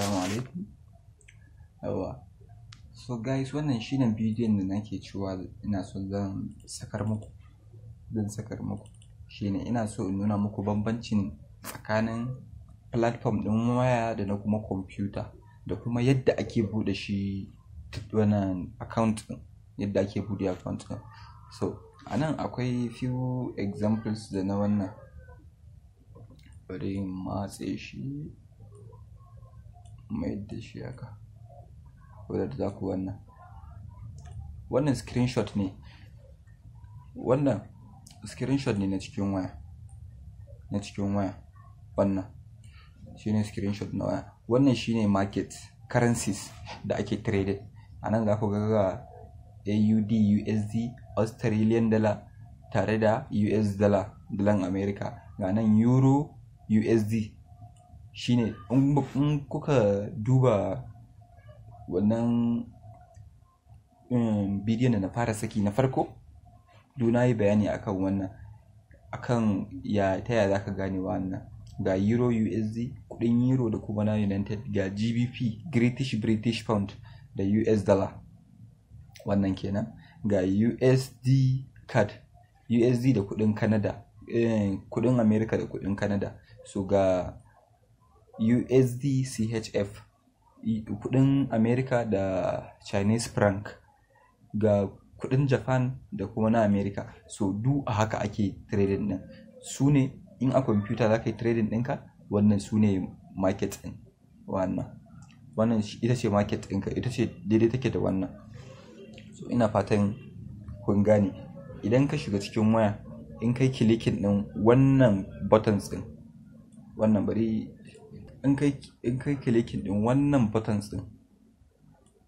Assalamu alaikum. yawa So guys wannan shine bidiyon da nake cewa ina so zan sakar muku. Zan sakar muku. Shine ina so in nuna muku bambancin tsakanin platform din waya da na kuma computer da kuma yadda ake buɗe shi wannan account din yadda ake buɗe account ɗin. So anan akwai few examples da na wannan. Bari matse shi. mayar da shi haka wadda za ku wannan wannan screenshot ne wannan screenshot ne na cikin waya na cikin waya wannan shine screenshot na waya wannan shine market currencies da ake trade a nan za ku ga AUD USD Australian dollar tare da US dollar dalan America ga nan euro USD shine in kuka duba wannan um, bidiyon da na fara saki na farko duna yi bayani akan wannan akan ya ta yaya zaka gane wannan ga euro usd kudin euro da kuma na united ga gbp british british pound da us dollar wannan kenan ga usd card usd da kudin canada eh, kudin america da kudin canada so ga USDCHF kudin America da Chinese franc ga kudin Japan da kuma na America so du a haka ake trading din su ne in a computer za ka yi trading ɗinka wannan su ne market ɗin wannan wannan ita ce market ɗinka ita ce daidai take da wannan so ina fatan kun gane idan ka shiga cikin waya in kai kilikin din wannan buttons ɗin wannan bari in kai kilikin din wannan buttons din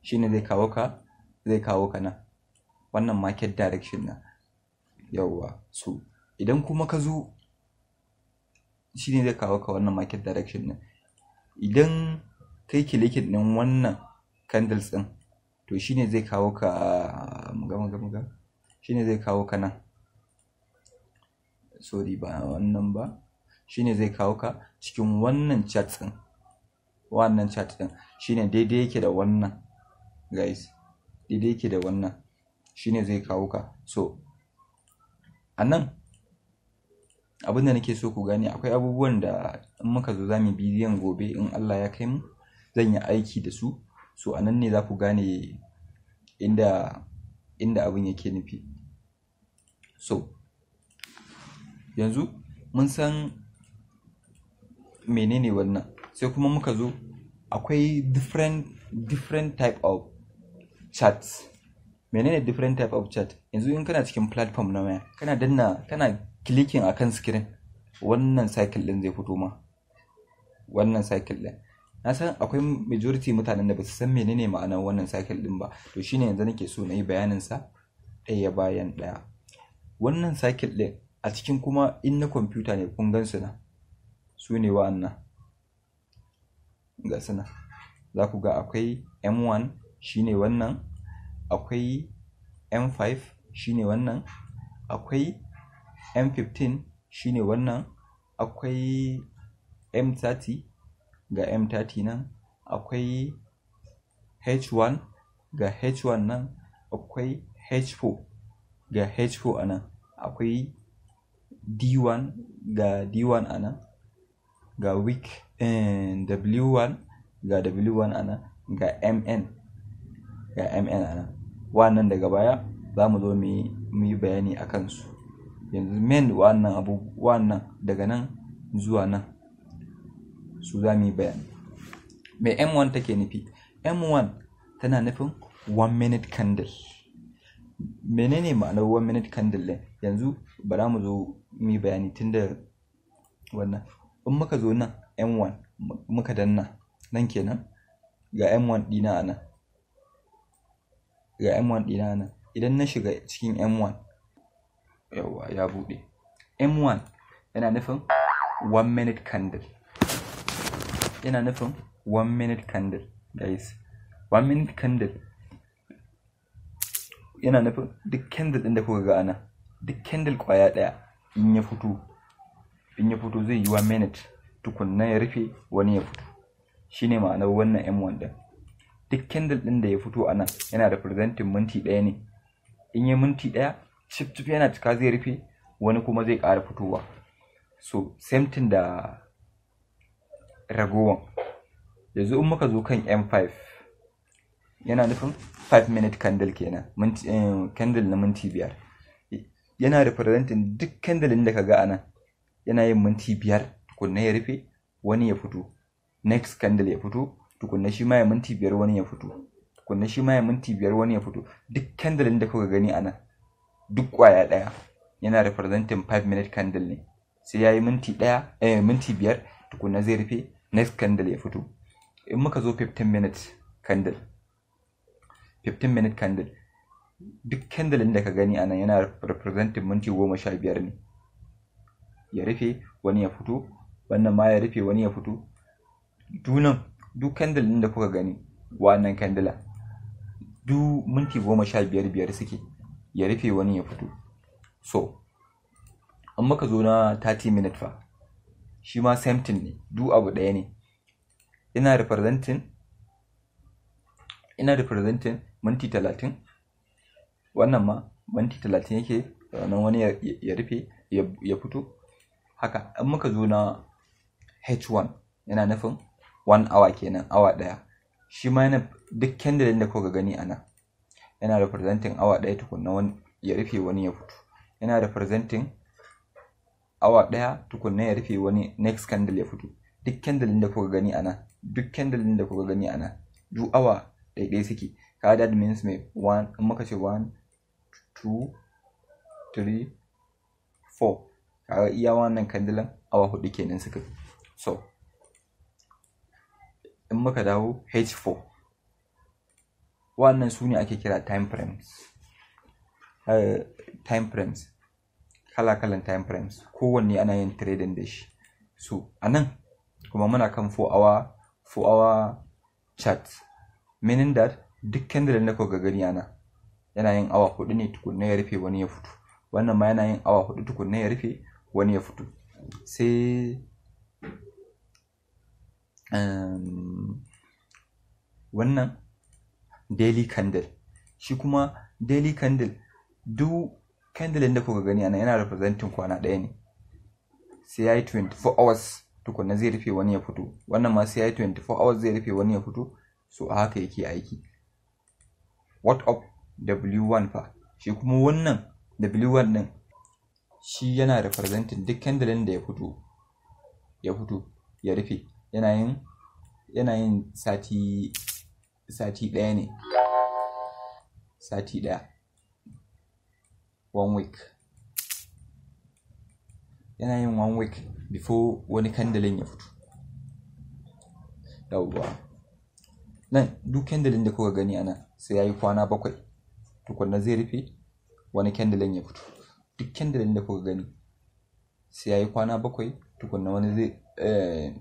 shine zai kawo ka zai kawo ka nan wannan market direction na yawwa so idan kuma ka zo shine zai kawo ka wannan market direction din idan kai kilikin din wannan candles din to shine zai kawo ka muga muga muga shine zai kawo ka nan sorry ba wannan ba shine zai kawo ka cikin wannan chat din wannan chat din shine daidai yake da wannan guys daidai yake da wannan shine zai kawo ka so anan abin da nake so ku gane akwai abubuwan da in muka zo za bidiyon gobe in Allah ya kai mu zan yi aiki da su so a nan ne za ku gane inda inda abin yake nufi so yanzu mun san menene wannan sai kuma muka zo akwai different different type of chats menene different type of chat yanzu in kana cikin platform na waya kana danna kana clicking akan screen wannan cycle din zai fito ma wannan cycle din na san akwai majority mutanen da ba su san menene ma'anar wannan cycle din ba to shine yanzu nake so na yi bayanin sa ɗaya bayan ɗaya wannan cycle din a cikin kuma in na computer ne kun gan su na su ne wa'annan ga suna za ku ga akwai m1 shine wannan akwai m5 shine wannan akwai m15 shine wannan akwai m30 ga m30 nan akwai h1 ga h1 nan akwai h4 ga h4 a nan akwai d1 ga d1 a nan ga weak eh, w1 ga w1 a nan ga mn ga mn a nan wannan daga baya za mu zo mu yi bayani a kansu yanzu men wannan abu wannan daga nan zuwa nan su za mu yi bayani mai m1 take nufi m1 tana nufin one minute candle menene ma'anar one minute candle yanzu ba za mu zo mu yi bayani tun da wannan in muka zo nan m1 muka danna nan kenan ga m1 dina a nan ga m1 dina nan idan na shiga cikin m1 yawa ya bude, m1 yana nufin one minute candle yana nufin one minute candle guys one minute candle yana nufin duk candle ɗin da kuka ga ana duk candle kwaya ɗaya in ya fito in ya fito zai yi wa minute tukunna ya rufe wani ya fito ne ma'anar wannan m1 din duk candle din da ya fito a nan yana da presenting minti ɗaya ne in yi minti ɗaya chip chip yana cika zai rufe wani kuma zai ƙara fitowa so same thing da ragowan yanzu in muka zo kan m5 yana nufin 5 minute candle kenan eh, candle na minti biyar yana da duk candle da ka ga a nan yana yin minti biyar tukunna ya rufe wani ya fito next candle ya fito tukunna shi ma ya minti biyar wani ya fito tukunna shi ma ya minti biyar wani ya fito duk candle da kuka gani a nan duk kwaya daya yana representing 5 minute candle ne sai yayi minti daya eh minti biyar tukunna zai rufe next candle ya fito in muka zo 15 minute candle 15 minute candle duk candle da ka gani a nan yana representing minti goma sha biyar ne ya rufe wani ya fito wannan ma ya rufe wani ya fito dunan duk kandil ɗin da kuka gani wannan kandila? du minti goma sha biyar biyar suke ya rufe wani ya fito so an maka zo na 30 minute fa shi ma samtin ne du abu ɗaya ne ina representing ina representing minti talatin wannan ma minti talatin yake Wannan wani ya rufe ya fito haka in muka zo na h1 yana nufin 1 hour kenan awa daya shi ma yana duk candle da kuka gani a nan yana representing awa daya tukunna wani ya rufe wani ya fito yana representing awa daya tukunna ya rufe wani next candle ya fito duk candle da kuka gani a nan duk candle da kuka gani a nan duk awa daidai suke ka da means me one in muka ce one two three four kaga iya wannan kandilan awa hudu kenan suka fi so in muka dawo h4 wannan su ne ake kira time frames uh, time frames kala-kalan time frames kowanne ana yin trading da shi so a nan kuma muna kan 4 hour 4 hour chart meaning that duk candle da ga gani ana yana yin awa hudu ne tukunna ya rufe wani ya fito wannan ma yana yin awa hudu tukunna ya rufe wani ya fito sai um, wannan daily candle shi kuma daily candle duk candle da kuka gani ana yana representin kwana ɗaya ne sai ya yi 24 hours tukunna zai rufe wani ya fito wannan ma sai ya yi 24 hours zai rufe wani ya fito so a haka yake aiki what up w1 fa shi kuma wannan w1 din shi yana representin duk candle da ya fito ya fito ya rufe yanayin yin sati sati ɗaya ne sati ɗaya one week yana yin one week before wani kandalin ya fito yawwa nan duk kandalin da kuka gani ana sai ya yi kwana bakwai tukunna zai rufe wani kandalin ya fito duk kyan da kuka gani sai ya yi kwana bakwai tukunna eh,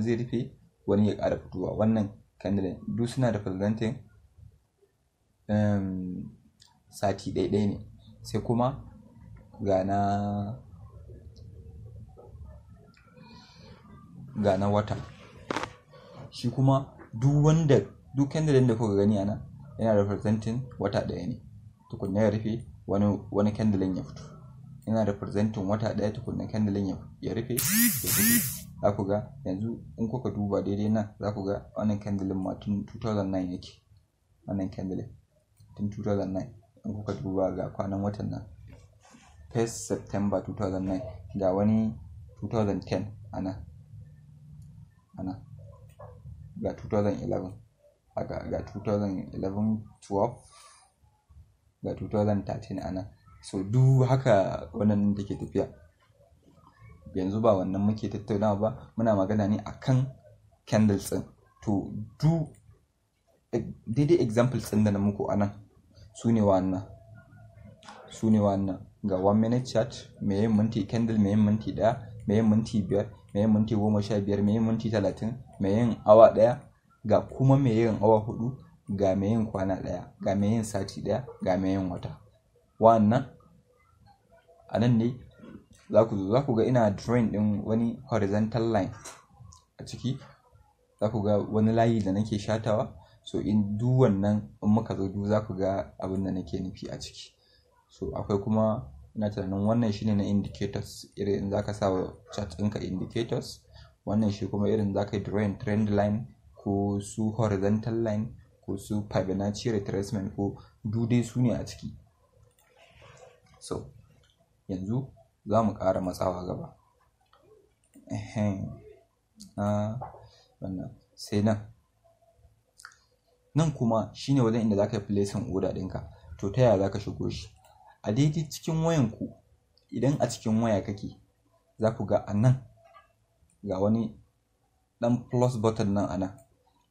zai rufe wani ya ƙara fitowa wannan kandilin duk suna da fulgantin um, sati ɗaiɗai ne sai kuma ga na wata shi kuma duk wanda duk kandilin da kuka gani a nan yana fulgantin wata ɗaya ne tukunna ya rufe wani kandilin ya fito ina da presentin wata ɗaya tukunna kandilin ya rufe ya fito za ku ga yanzu in kuka duba daidai nan za ku ga wannan kandilin ma tun 2009 yake wannan kandilin tun 2009 in kuka duba ga kwanan watan nan 1 september 2009 ga wani 2010 ana ana ga 2011 ga 2011 12 ga 2013 a nan so du haka wannan ke tafiya yanzu ba wannan muke tattaunawa ba muna magana ne a kan candles ɗin to du daidai examples ɗin da na muku a nan su ne wannan su ne wannan ga one minute chart mai yin minti candle mai yin minti ɗaya mai yin minti biyar mai yin minti goma sha biyar mai yin minti talatin mai yin awa ɗaya ga kuma mai yin awa hudu ga yin kwana ɗaya ga yin sati ɗaya ga yin wata wannan a nan ne za ku zo za ku ga ina drawing ɗin wani horizontal line a ciki za ku ga wani layi da nake shatawa so in du wannan in muka zo du za ku ga abin da nake nufi a ciki so akwai kuma ina tunanin wannan shine na indicators irin za ka sa wa chart ɗinka indicators wannan shi kuma irin za ka yi trend line ko su horizontal line ko su fibonacci retracement ko dudai su ne a ciki so yanzu za mu ƙara matsawa gaba sai nan nan kuma shine wajen inda za ka yi order ɗinka to ta yaya za ka shigo shi a daidai cikin wayanku idan a cikin waya kake za ku ga a nan ga wani ɗan plus button nan a nan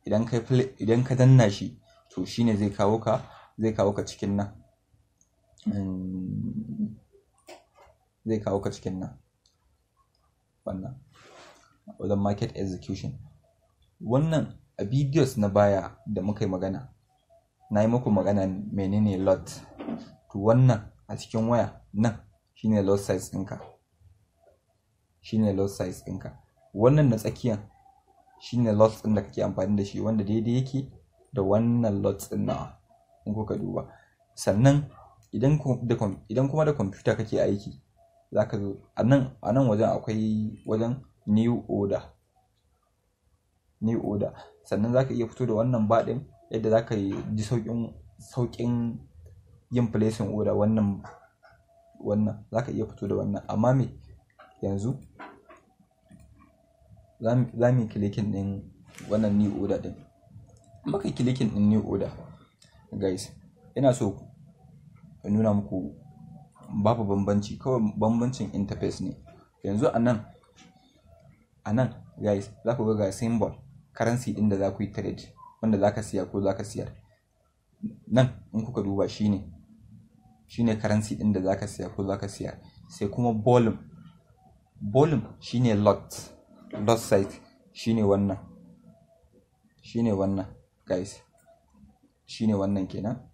idan ka idan ka danna shi to shine zai kawo ka zai kawo ka cikin nan umm, zai kawo ka cikin nan wannan wajen market execution wannan a videos na baya da muka yi magana na yi muku magana menene lot to wannan a cikin waya nan shine lot size ɗinka shine lot size ɗinka wannan na tsakiyan shine lots ɗin da kake amfani da shi wanda daidai yake da wannan lots ɗin na? in kuka duba sannan idan kuma da kwamfuta kake aiki za ka zo a nan wajen akwai wajen new order new order sannan za ka iya fito da wannan baɗin yadda za ka ji sauƙin yin placing order wannan wannan za ka iya fito da wannan amma me yanzu za mu yi kilikin ɗin wannan new order ɗin maka kilikin ɗin new order guys ina so in nuna muku babu bambanci kawai bambancin interface ne yanzu a nan a nan guys za ku ga symbol currency ɗin da za ku yi trade wanda za ka siya ko za ka siyar nan in kuka duba shine ne currency ɗin da za ka siya ko za ka siyar sai kuma volume volume ne lot dot site shine wannan shine wannan guys shine wannan kenan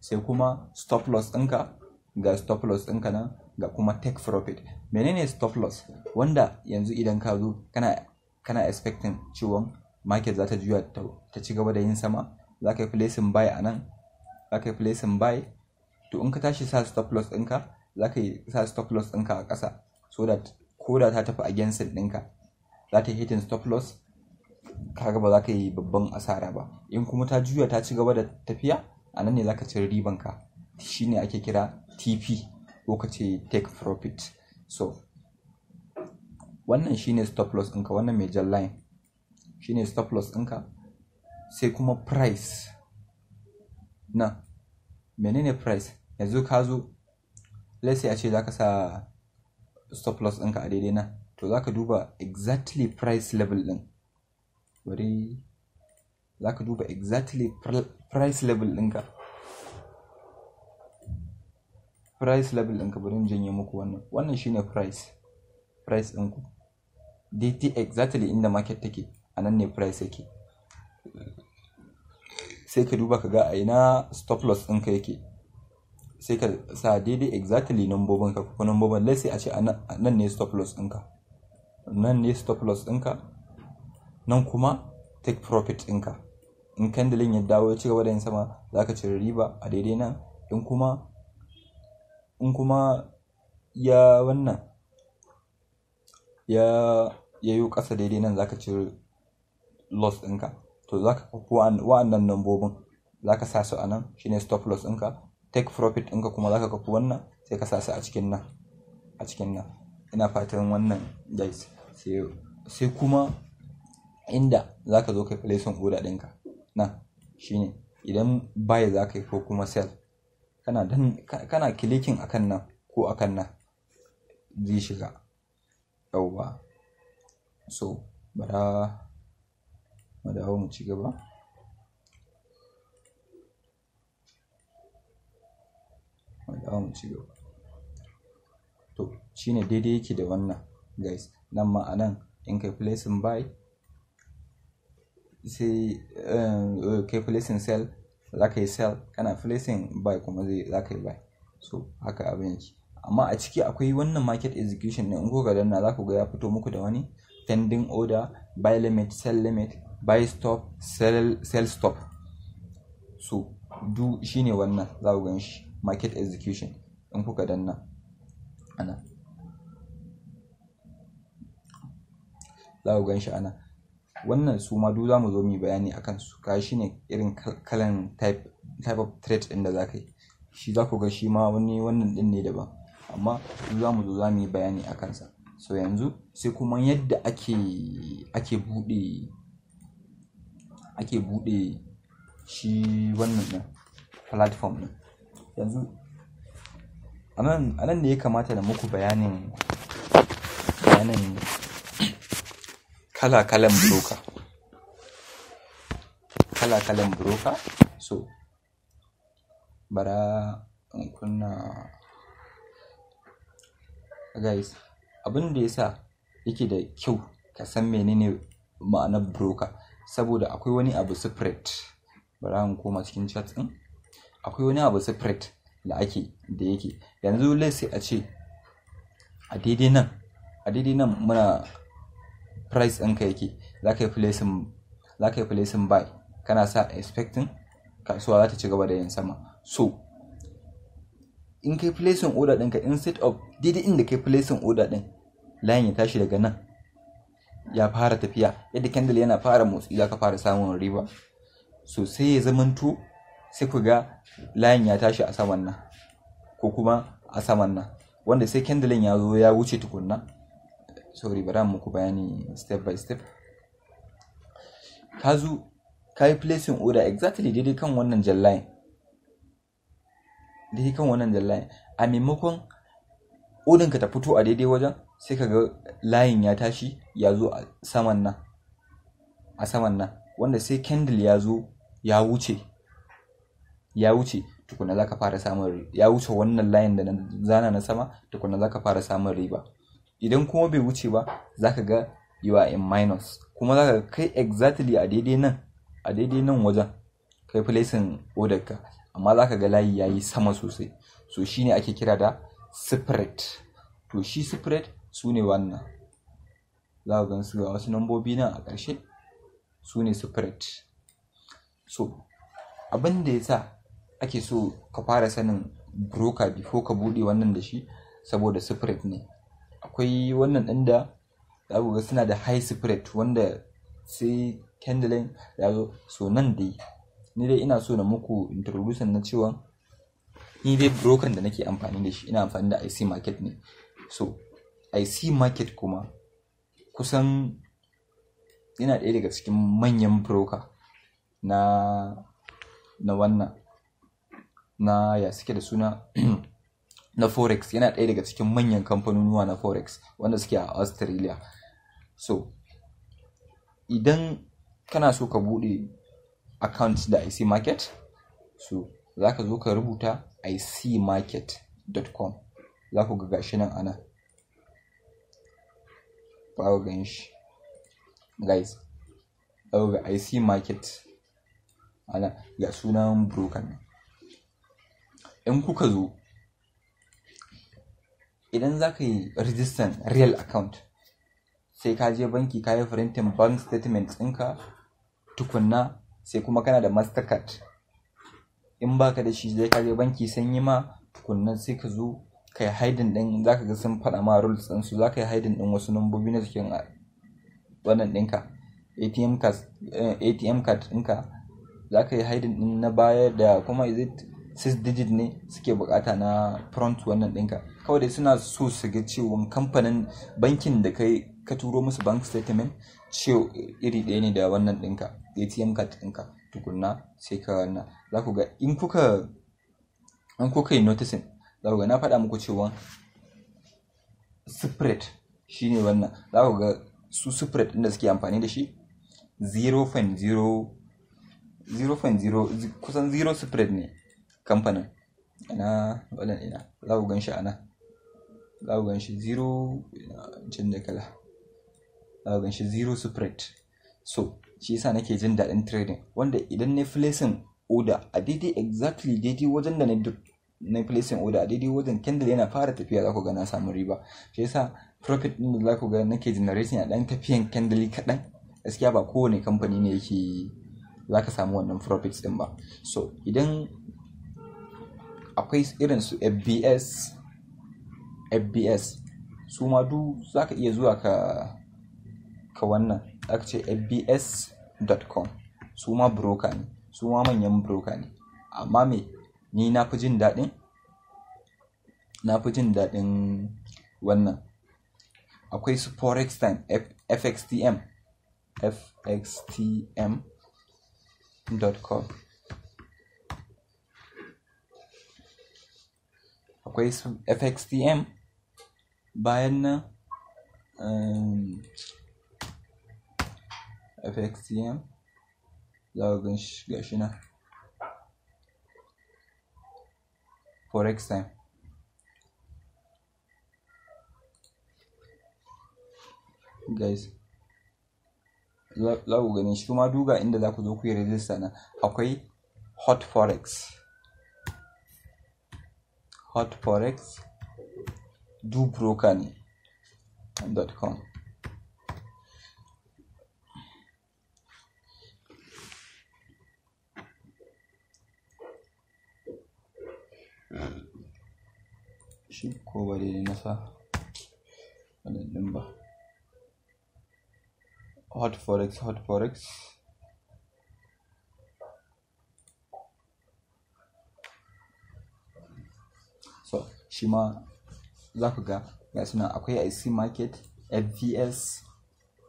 sai kuma stop loss ɗinka ga stop loss ɗinka nan ga kuma take profit menene stop loss wanda yanzu idan ka zo kana kana expecting ciwon market za ta juya ta ci gaba da yin sama za ka yi placing buy a nan za ka yi placing buy to in ka tashi sa stop loss ɗinka za ka yi sa stop loss ɗinka a ƙasa so that ko da ta tafi against ɗinka za ta hitin stop loss kaga ba za ka yi babban asara ba in kuma ta juya ta ci gaba da tafiya a nan ne za ka cire riban ka ne ake kira tp ko ka ce take profit so wannan shine stop loss ɗinka wannan major jan line shine stop loss ɗinka sai kuma price na menene price yanzu ka zo let's say a ce za ka sa stop loss ɗinka a daidai nan to za ka duba exactly price level ɗin bari za ka duba exactly price level ɗinka price level ɗinka bari in janye muku wannan wannan shine price price ɗinku dt exactly inda market take a nan ne price yake sai ka duba ka ga a ina stop loss ɗinka yake sai ka sa daidai exactly numbobinka ko numbobin lai sai a ce a nan ne stop loss ɗinka nan ne stop loss ɗinka nan kuma take profit ɗinka in candle ya dawo ya ci gaba da yin sama za ka cire riba a daidai nan in kuma in kuma ya wannan ya ya yi ƙasa daidai nan za ka cire loss ɗinka to za ka wa'annan nambobin za ka sa a nan shine stop loss ɗinka take profit ɗinka kuma za ka kafu wannan sai ka sa a cikin nan a cikin nan ina fatan wannan guys sai kuma inda za ka zo kai placing order ɗinka nan shine idan buy za ka yi ko kuma sell kana dan kana clicking akan nan ko akan nan zai shiga yauwa so bara mu dawo mu ci gaba mu dawo mu ci gaba shine daidai yake da wannan guys nan ma in kai placing buy sai eh, kai placing sell za ka yi sell kana placing buy kuma zai za ka yi buy so haka abin yake amma a ciki akwai wannan market execution ne in ko ga danna za ku ga ya fito muku da wani pending order buy limit sell limit buy stop sell, sell stop so du shine wannan za ku gan shi market execution in ga danna ana za ku gan shi ana wannan su ma duk za mu zo mu bayani a kansu ka shi ne irin kalan type, of threat ɗin da za ka yi shi za ku ga shi ma wani wannan ɗin ne daban amma duk za mu zo za mu yi bayani a kansa so yanzu sai kuma yadda ake ake buɗe ake buɗe shi wannan ɗin platform ɗin yanzu a nan da ya kamata da muku bayanin bayanin kala-kalan broker kala-kalan broker so bara in kunna guys abin da ya sa yake da kyau ka san menene ma'anar broker saboda akwai wani abu spread bara in koma cikin chat din akwai wani abu spread da ake da yake yanzu sai a ce a daidai nan a daidai nan muna price ɗinka ka yi za ka yi placing buy kana sa expecting kasuwa za ta ci gaba da yin sama so in kai placing order ka instead of daidai inda kai placing order ɗin layin ya tashi daga nan ya fara tafiya yadda candle yana fara motsi za ka fara samun riba so sai ya zamanto sai ku ga layin ya tashi a saman nan ko kuma a saman nan wanda sai candle ya zo ya wuce tukunna sorry bara muku bayani step by step ka zo ka yi placing order exactly daidai kan wannan jan daidai kan wannan jan a maimakon odin ka ta fito a daidai wajen sai ka ga layin ya tashi ya zo a saman nan a saman nan wanda sai candle ya zo ya wuce ya wuce tukuna za ka fara samun ya wuce wannan layin da na zana na sama tukuna za ka fara samun riba idan kuma bai wuce ba za ka ga you in minus kuma za ka kai exactly a daidai nan a daidai nan wajen kai placing order ka amma za ka ga layi ya yi sama sosai so shi ne ake kira da spread to shi spread su ne wannan za ka gan su ga wasu nambobi nan a ƙarshe su ne spread so abin da ya sa ake so ka fara sanin broker before ka buɗe wannan da shi saboda spread ne akwai wannan ɗin da za suna da high spirit wanda sai candling ya zo so nan dai ni dai ina so na muku introducing na cewa ni dai broken da nake amfani da shi ina amfani da IC market ne so IC market kuma kusan yana ɗaya daga cikin manyan broker na na wannan na ya suke da suna na forex yana ɗaya daga cikin manyan kamfanonuwa na forex wanda suke a australia so idan kana so ka buɗe account da ic market so za ka zo ka rubuta com za ku ga gashi nan ana bawa gan shi guys ga ic market ana ga sunan broker in kuka zo idan za ka yi rijistan real account sai ka je banki ka yi printing bank statement ɗinka tukunna sai kuma kana da mastercard in baka da shi zai ka je banki sanyi ma tukunna sai ka zo ka yi haidin ɗin za ka ga sun faɗa ma rules ɗin su za ka yi haidin ɗin wasu numbobi na jikin ah, wannan ɗinka atm eh, card ɗinka za ka yi haidin ɗin na baya da kuma is it 6 digit ne suke bukata na front wannan ɗinka kawai dai suna so su ga cewa kamfanin bankin da kai ka turo musu bank statement cewa iri ɗaya ne da wannan ɗinka atm card ɗinka tukunna sai ka wannan za ku ga in kuka an kuka yi noticing za ku ga na faɗa muku cewa spread ne wannan za ku ga su spread ɗin da suke amfani da shi 0.0 0.0 kusan 0 spread ne kamfanin ina wannan ina za ku gan shi a nan za ku gan shi zero da kala za ku gan shi zero spread so shi yasa nake jin daɗin trading wanda idan na placing order a daidai exactly daidai wajen da na na placing order a daidai wajen candle yana fara tafiya za ku ga na samu riba shi yasa profit din da za ku ga nake generating a ɗan tafiyan candle kaɗan gaskiya ba kowane kamfani ne yake za ka samu wannan profits din ba so idan akwai irin su fbs fbs su ma duk za ka iya zuwa ka ka wannan aka ce fbs.com su ma broker ne su ma manyan broker ne amma me ni na fi jin daɗin na fi jin daɗin wannan akwai su forex time fxtm fxtm.com كويس اف اكس تي ام بعدنا اف اكس تي ام لا مش جاش هنا فوركس تايم guys za ku gani shi kuma duga inda za ku zo ku yi rijista na akwai hot forex hot forex do brokerly.com shi ko ba daidai nasa. sa wannan ɗin ba hot forex hot forex shi ma za ku ga ga suna akwai IC market FVS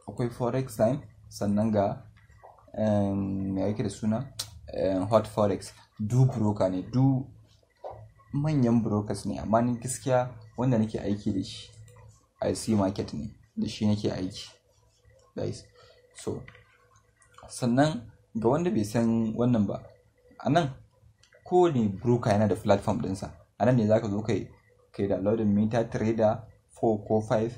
akwai forex time sannan ga me yake da suna hot forex du broker ne du manyan brokers ne amma ni gaskiya wanda nake aiki da shi IC market ne da shi nake aiki guys so sannan ga wanda bai san wannan ba a nan kowane broker yana da platform dinsa? a nan ne za ka zo kai kai da loading meter trader 4 ko 5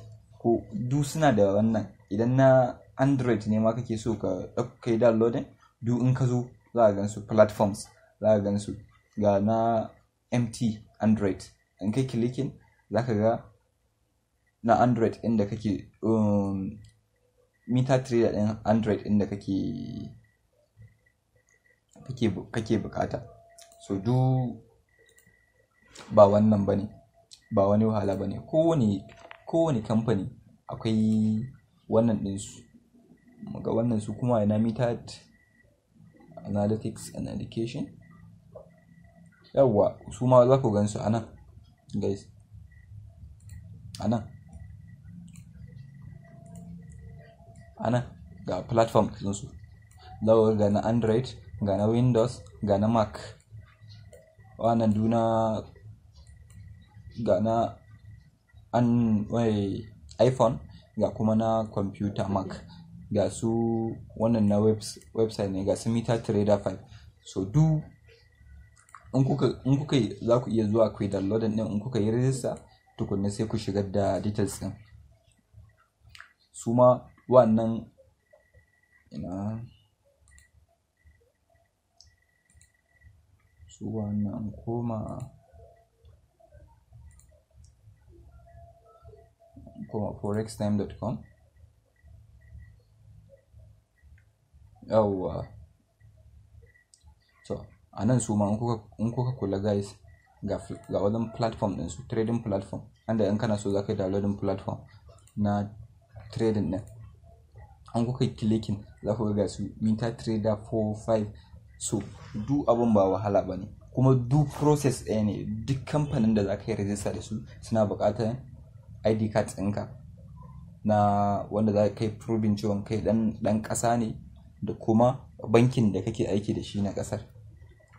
ko duk suna da wannan idan na android ne ma kake so ka kai downloading duk in ka zo za a gan su platforms za a gan su ga na mt android in kai clicking za ka ga na android inda kake um, meter trader din android inda kake kake bukata so du ba wannan ba ne ba wani wahala ba ne kowane kamfani akwai wannan ɗinsu ga wannan su kuma ina mitad analytics and education yawwa su ma za ku gan su a nan guys a nan a nan ga platform ɗinsu za ku ga na android ga na windows ga na mac wannan duna ga na an iphone ga kuma na computer mac ga su wannan na website ne ga su mita trader 5 so du in kuka za ku iya zuwa ku yi downloading din in kuka yi register tukunna sai ku shigar da details din su ma wannan ina su wannan koma forextime.com yawwa so a nan su ma in kuka kula guys ga wajen platform din su trading platform inda in kana so za ka yi downloading platform na trading din an kuka yi clicking za ku ga su minta trader 45 so du abun ba wahala ba ne kuma du process ɗaya ne duk kamfanin da za ka yi rajista da su suna buƙatar id card ɗinka na wanda za ka yi probin ciwon kai ɗan ƙasa ne da kuma bankin da kake aiki da shi na ƙasar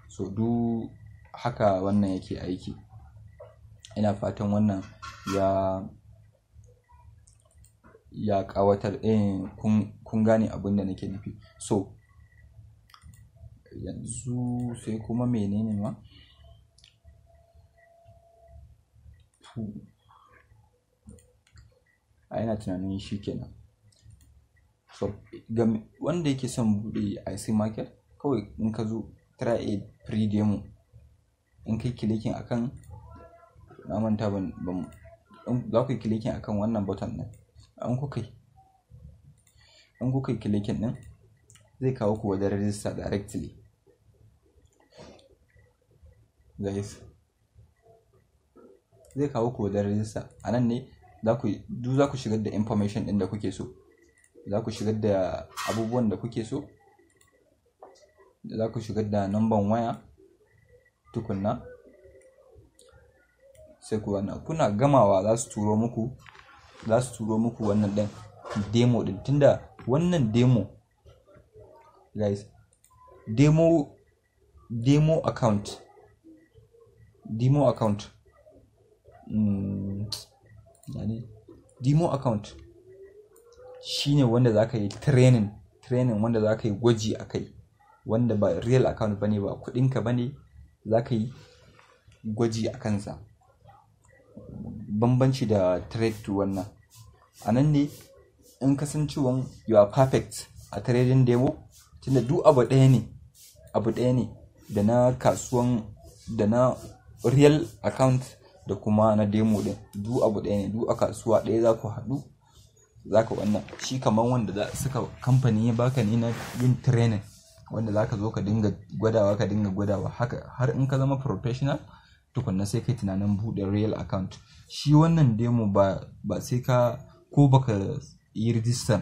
so du haka wannan yake aiki ina fatan wannan ya ya ƙawatar eh, kun gane abin da nake nufi so yanzu sai kuma menene ma a yana tunanin shi kenan so wanda yake son bude ic market kawai in ka zo try a free demo in kai kilikin akan na manta ban za ku yi kilikin akan wannan button din an kai an ku kai kilikin din zai kawo ku wajen register directly guys zai kawo ku wajen register a nan ne duk za ku shigar da information ɗin da kuke so za ku shigar da abubuwan da kuke so za ku shigar da numban waya tukunna sai ku wannan kuna gamawa za su turo muku za su turo muku wannan ɗin demo ɗin tunda wannan demo guys demo demo account demo account mm. yani demo account shine wanda za ka yi training training wanda za ka yi gwaji a kai wanda ba real account ba ne ba kudinka ba ne za ka yi gwaji a kansa bambanci da trade to wannan a nan ne in kasancewan you are perfect a trading demo tunda duk abu ɗaya ne abu ɗaya ne da na kasuwan da na real account da kuma na demo din du abu ɗaya ne du a kasuwa ɗaya za ku haɗu za ka wannan shi kamar wanda suka kamfani ya baka ne na yin training wanda za ka zo ka dinga gwadawa ka dinga gwadawa haka har in ka zama professional tukunna sai kai tunanin buɗe real account shi wannan demo ba ba sai ka ko baka yi rijistan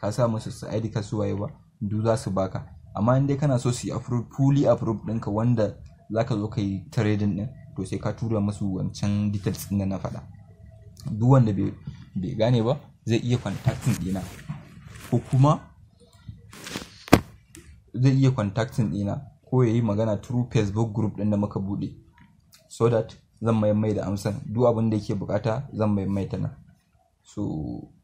ka sa musu su ID ka suwaye ba du za su baka amma in dai kana so su yi approve fully approve ɗinka wanda za ka zo ka yi trading ɗin to sai ka tura musu wancan details ɗin na faɗa duk wanda bai gane ba zai iya contactin ɗina ko kuma zai iya contactin ɗina ko ya yi magana through facebook group ɗin da muka buɗe so that zan mai mai da amsan duk abin da yake bukata zan mai mai ta nan so